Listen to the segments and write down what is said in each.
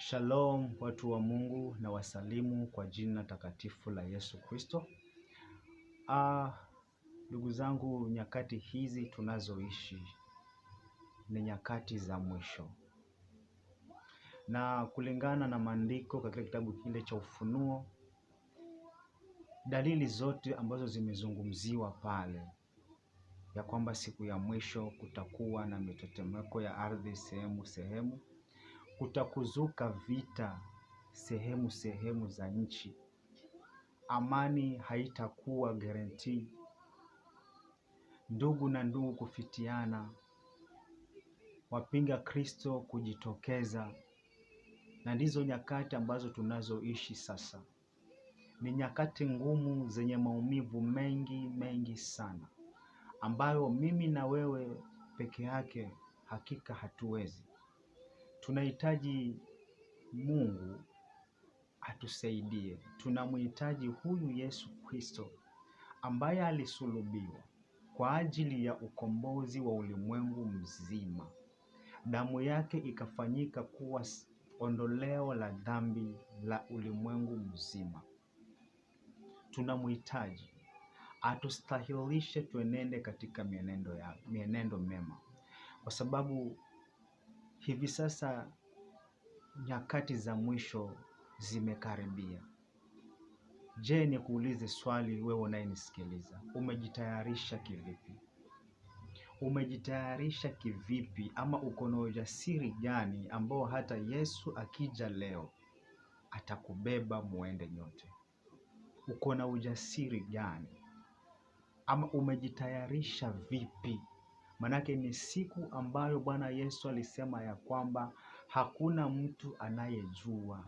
Shalom watu wa Mungu na wasalimu kwa jina takatifu la Yesu Kristo. Ah, ndugu zangu, nyakati hizi tunazoishi ni nyakati za mwisho, na kulingana na maandiko katika kitabu kile cha Ufunuo, dalili zote ambazo zimezungumziwa pale ya kwamba siku ya mwisho kutakuwa na mitetemeko ya ardhi sehemu sehemu kutakuzuka vita sehemu sehemu za nchi. Amani haitakuwa garanti, Ndugu na ndugu kufitiana, wapinga Kristo kujitokeza, na ndizo nyakati ambazo tunazoishi sasa. Ni nyakati ngumu zenye maumivu mengi mengi sana, ambayo mimi na wewe peke yake hakika hatuwezi tunahitaji Mungu atusaidie. Tunamhitaji huyu Yesu Kristo ambaye alisulubiwa kwa ajili ya ukombozi wa ulimwengu mzima. Damu yake ikafanyika kuwa ondoleo la dhambi la ulimwengu mzima. Tunamhitaji atustahilishe, tuenende katika mienendo ya mienendo mema, kwa sababu Hivi sasa nyakati za mwisho zimekaribia. Je, nikuulize swali wewe unayenisikiliza, umejitayarisha kivipi? Umejitayarisha kivipi, ama uko na ujasiri gani ambao hata Yesu akija leo atakubeba muende nyote? Uko na ujasiri gani, ama umejitayarisha vipi? Manake ni siku ambayo Bwana Yesu alisema ya kwamba hakuna mtu anayejua.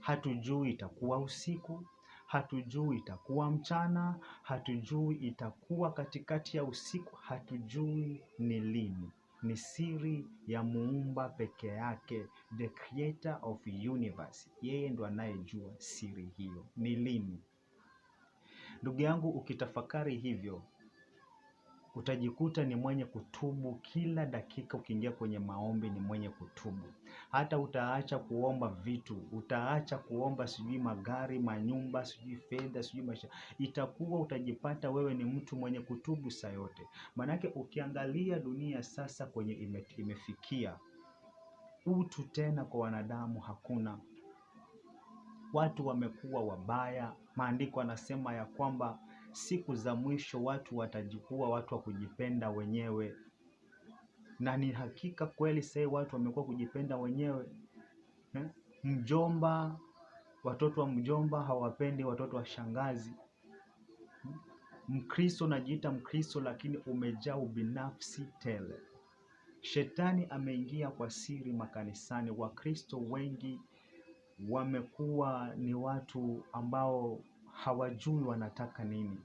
Hatujui itakuwa usiku, hatujui itakuwa mchana, hatujui itakuwa katikati ya usiku, hatujui ni lini. Ni siri ya Muumba peke yake, the creator of universe. Yeye ndo anayejua siri hiyo ni lini. Ndugu yangu, ukitafakari hivyo utajikuta ni mwenye kutubu kila dakika. Ukiingia kwenye maombi, ni mwenye kutubu. Hata utaacha kuomba vitu, utaacha kuomba sijui magari, manyumba, sijui fedha, sijui maisha, itakuwa utajipata wewe ni mtu mwenye kutubu saa yote. Maanake ukiangalia dunia sasa kwenye ime, imefikia utu tena kwa wanadamu hakuna. Watu wamekuwa wabaya. Maandiko anasema ya kwamba siku za mwisho watu watajikuwa watu wa kujipenda wenyewe, na ni hakika kweli sasa watu wamekuwa kujipenda wenyewe eh? Mjomba, watoto wa mjomba hawapendi watoto wa shangazi. Mkristo unajiita Mkristo lakini umejaa ubinafsi tele. Shetani ameingia kwa siri makanisani. Wakristo wengi wamekuwa ni watu ambao hawajui wanataka nini.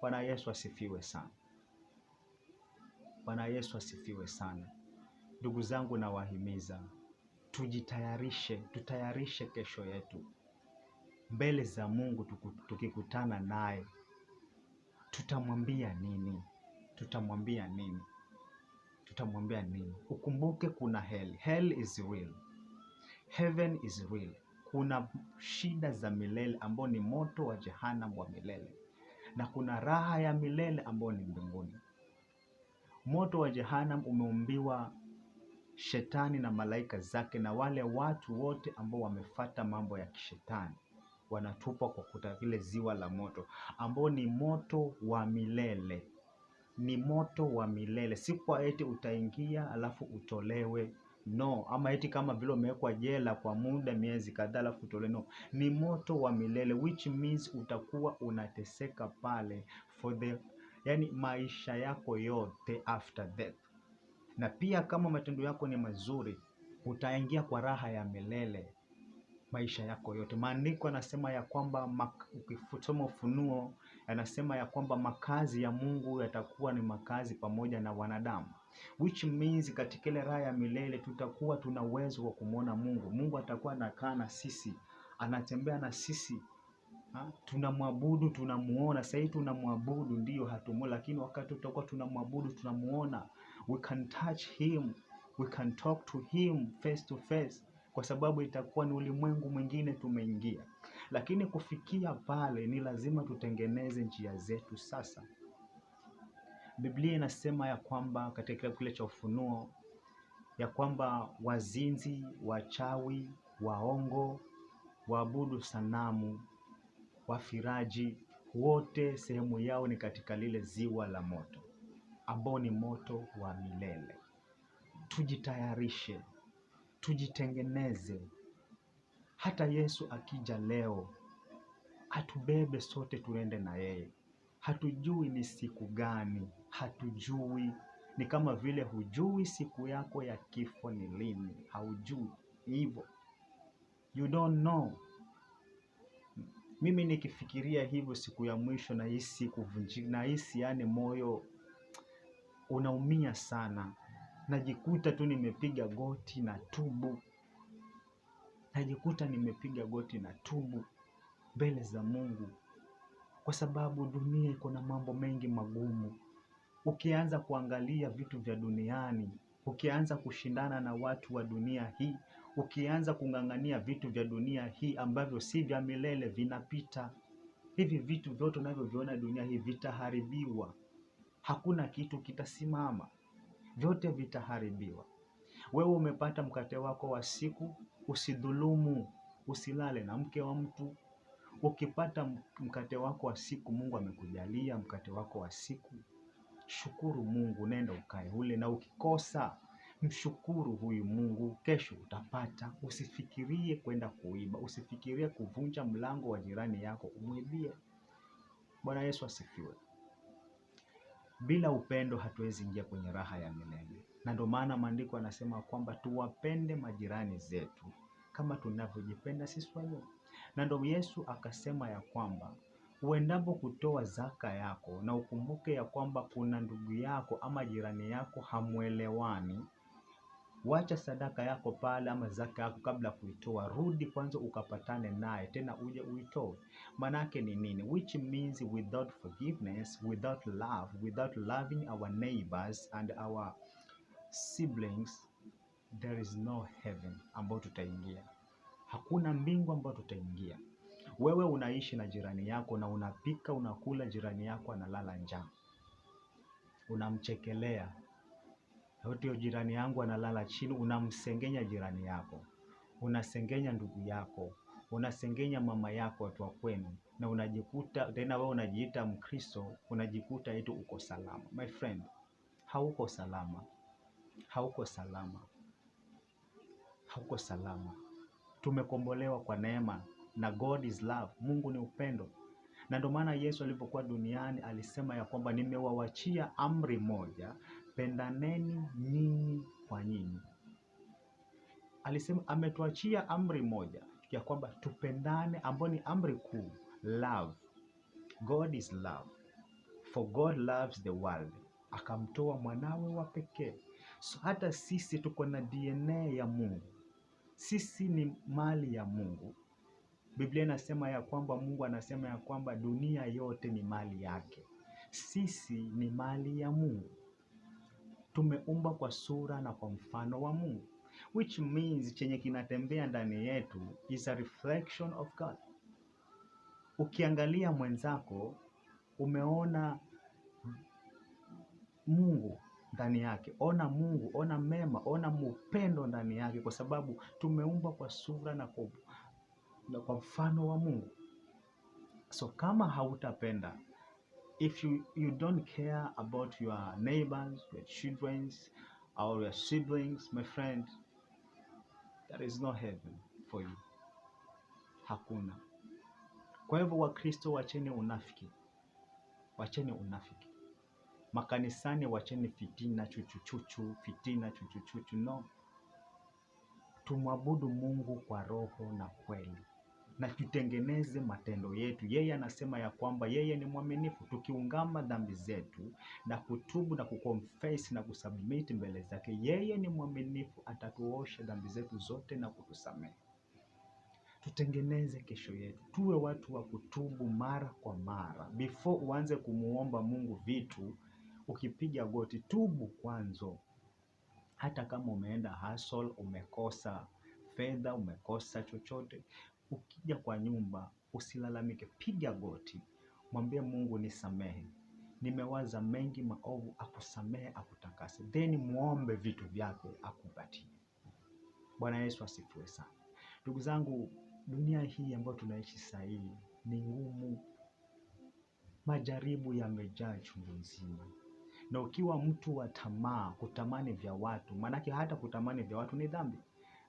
Bwana Yesu asifiwe sana. Bwana Yesu asifiwe sana. Ndugu zangu, nawahimiza tujitayarishe, tutayarishe kesho yetu mbele za Mungu. Tukikutana naye tutamwambia nini? Tutamwambia nini? Tutamwambia nini? Ukumbuke kuna hell. Hell is real. Heaven is real kuna shida za milele ambao ni moto wa jehanamu wa milele, na kuna raha ya milele ambao ni mbinguni. Moto wa jehanamu umeumbiwa shetani na malaika zake na wale watu wote ambao wamefata mambo ya kishetani wanatupwa kwa kuta vile ziwa la moto, ambao ni moto wa milele, ni moto wa milele, si kwa eti utaingia alafu utolewe no, ama eti kama vile umewekwa jela kwa muda miezi kadhaa alafu utolewe no, ni moto wa milele, which means utakuwa unateseka pale for the, yani maisha yako yote after death. Na pia kama matendo yako ni mazuri, utaingia kwa raha ya milele maisha yako yote. Maandiko yanasema ya kwamba ukisoma Ufunuo yanasema ya kwamba makazi ya Mungu yatakuwa ni makazi pamoja na wanadamu, which means katika ile raha ya milele tutakuwa tuna uwezo wa kumwona Mungu. Mungu atakuwa anakaa na sisi, anatembea na sisi tunamwabudu tunamuona. Sasa hivi tunamwabudu ndio, hatumuoni, lakini wakati tutakuwa tunamwabudu tunamuona. We can touch him, we can talk to him face to face kwa sababu itakuwa ni ulimwengu mwingine tumeingia. Lakini kufikia pale ni lazima tutengeneze njia zetu sasa. Biblia inasema ya kwamba katika kitabu kile cha Ufunuo ya kwamba wazinzi, wachawi, waongo, waabudu sanamu, wafiraji wote sehemu yao ni katika lile ziwa la moto ambao ni moto wa milele. Tujitayarishe tujitengeneze. Hata Yesu akija leo atubebe sote, tuende na yeye. Hatujui ni siku gani, hatujui. Ni kama vile hujui siku yako ya kifo ni lini, haujui hivyo, you don't know. Mimi nikifikiria hivyo siku ya mwisho, nahisi kuvunjika, nahisi yani moyo unaumia sana najikuta tu nimepiga goti na tubu, najikuta nimepiga goti na tubu mbele za Mungu, kwa sababu dunia iko na mambo mengi magumu. Ukianza kuangalia vitu vya duniani, ukianza kushindana na watu wa dunia hii, ukianza kung'ang'ania vitu vya dunia hii ambavyo si vya milele, vinapita. Hivi vitu vyote unavyoviona dunia hii vitaharibiwa, hakuna kitu kitasimama vyote vitaharibiwa. Wewe umepata mkate wako wa siku, usidhulumu, usilale na mke wa mtu. Ukipata mkate wako wa siku, Mungu amekujalia mkate wako wa siku, shukuru Mungu, nenda ukae ule, na ukikosa mshukuru huyu Mungu, kesho utapata. Usifikirie kwenda kuiba, usifikirie kuvunja mlango wa jirani yako umwibie. Bwana Yesu asifiwe. Bila upendo hatuwezi ingia kwenye raha ya milele, na ndio maana maandiko yanasema kwamba tuwapende majirani zetu kama tunavyojipenda sisi wenyewe. Na ndio Yesu akasema ya kwamba uendapo kutoa zaka yako na ukumbuke ya kwamba kuna ndugu yako ama jirani yako hamwelewani, Wacha sadaka yako pale ama zaka yako kabla kuitoa, rudi kwanza ukapatane naye tena uje uitoe. Manake ni nini? Which means without forgiveness, without love, without loving our neighbors and our siblings, there is no heaven ambayo tutaingia. Hakuna mbingu ambayo tutaingia. Wewe unaishi na jirani yako na unapika, unakula, jirani yako analala njaa, unamchekelea yote, jirani yangu analala chini, unamsengenya jirani yako, unasengenya ndugu yako, unasengenya mama yako, watu wa kwenu, na unajikuta tena wewe unajiita Mkristo, unajikuta eti uko salama. My friend, hauko salama, hauko salama, hauko salama. Tumekombolewa kwa neema na God is love, Mungu ni upendo na ndio maana Yesu alipokuwa duniani alisema ya kwamba nimewawachia amri moja pendaneni nyinyi kwa nyinyi. Alisema ametuachia amri moja ya kwamba tupendane, ambayo ni amri kuu, love. God is love, for God loves the world, akamtoa mwanawe wa pekee. So hata sisi tuko na DNA ya Mungu, sisi ni mali ya Mungu. Biblia inasema ya kwamba Mungu anasema ya kwamba dunia yote ni mali yake. Sisi ni mali ya Mungu tumeumbwa kwa sura na kwa mfano wa Mungu, which means chenye kinatembea ndani yetu is a reflection of God. Ukiangalia mwenzako umeona Mungu ndani yake, ona Mungu, ona mema, ona mupendo ndani yake, kwa sababu tumeumbwa kwa sura na kwa, na kwa mfano wa Mungu. So kama hautapenda if you, you don't care about your neighbors, your children, or your siblings, my friend, there is no heaven for you, hakuna. Kwa hivyo Wakristo, wacheni unafiki, wacheni unafiki makanisani, wacheni fitina, chuchuchuchu, fitina, chuchuchuchu. No, tumwabudu Mungu kwa roho na kweli na tutengeneze matendo yetu. Yeye anasema ya kwamba yeye ni mwaminifu, tukiungama dhambi zetu na kutubu na kuconfess na kusubmit mbele zake, yeye ni mwaminifu, atatuosha dhambi zetu zote na kutusamehe. Tutengeneze kesho yetu, tuwe watu wa kutubu mara kwa mara. Before uanze kumuomba Mungu vitu, ukipiga goti, tubu kwanza. Hata kama umeenda hustle, umekosa fedha, umekosa chochote, Ukija kwa nyumba usilalamike, piga goti, mwambie Mungu nisamehe, nimewaza mengi maovu, akusamehe akutakase, then muombe vitu vyake akupatie. Bwana Yesu asifiwe sana. Ndugu zangu, dunia hii ambayo tunaishi sasa ni ngumu, majaribu yamejaa chungu nzima, na ukiwa mtu wa tamaa, kutamani vya watu, maanake hata kutamani vya watu ni dhambi.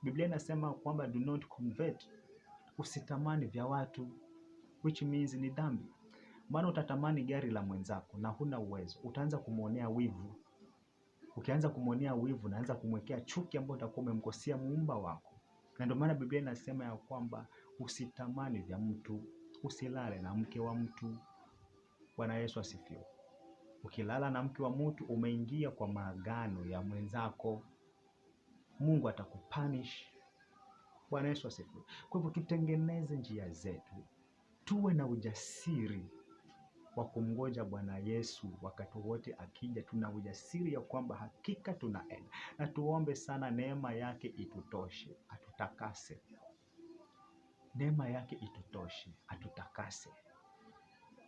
Biblia inasema kwamba do not convert usitamani vya watu, which means ni dhambi. Maana utatamani gari la mwenzako na huna uwezo, utaanza kumwonea wivu. Ukianza kumwonea wivu, naanza kumwekea chuki ambayo utakuwa umemkosea muumba wako, na ndio maana Biblia inasema ya kwamba usitamani vya mtu, usilale na mke wa mtu. Bwana Yesu asifiwe. Ukilala na mke wa mtu, umeingia kwa maagano ya mwenzako. Mungu atakupunish. Bwana Yesu asifiwe. Kwa hivyo tutengeneze njia zetu, tuwe na ujasiri wa kumngoja Bwana Yesu wakati wote akija. Tuna ujasiri ya kwamba hakika tunaenda, na tuombe sana neema yake itutoshe, atutakase. Neema yake itutoshe, atutakase,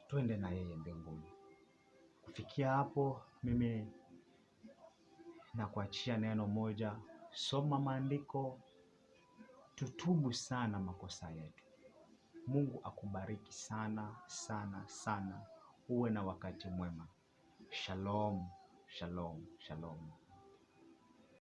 twende na yeye mbinguni. Kufikia hapo, mimi nakuachia neno moja, soma maandiko tutubu sana makosa yetu. Mungu akubariki sana sana sana. Uwe na wakati mwema. Shalom, shalom, shalom.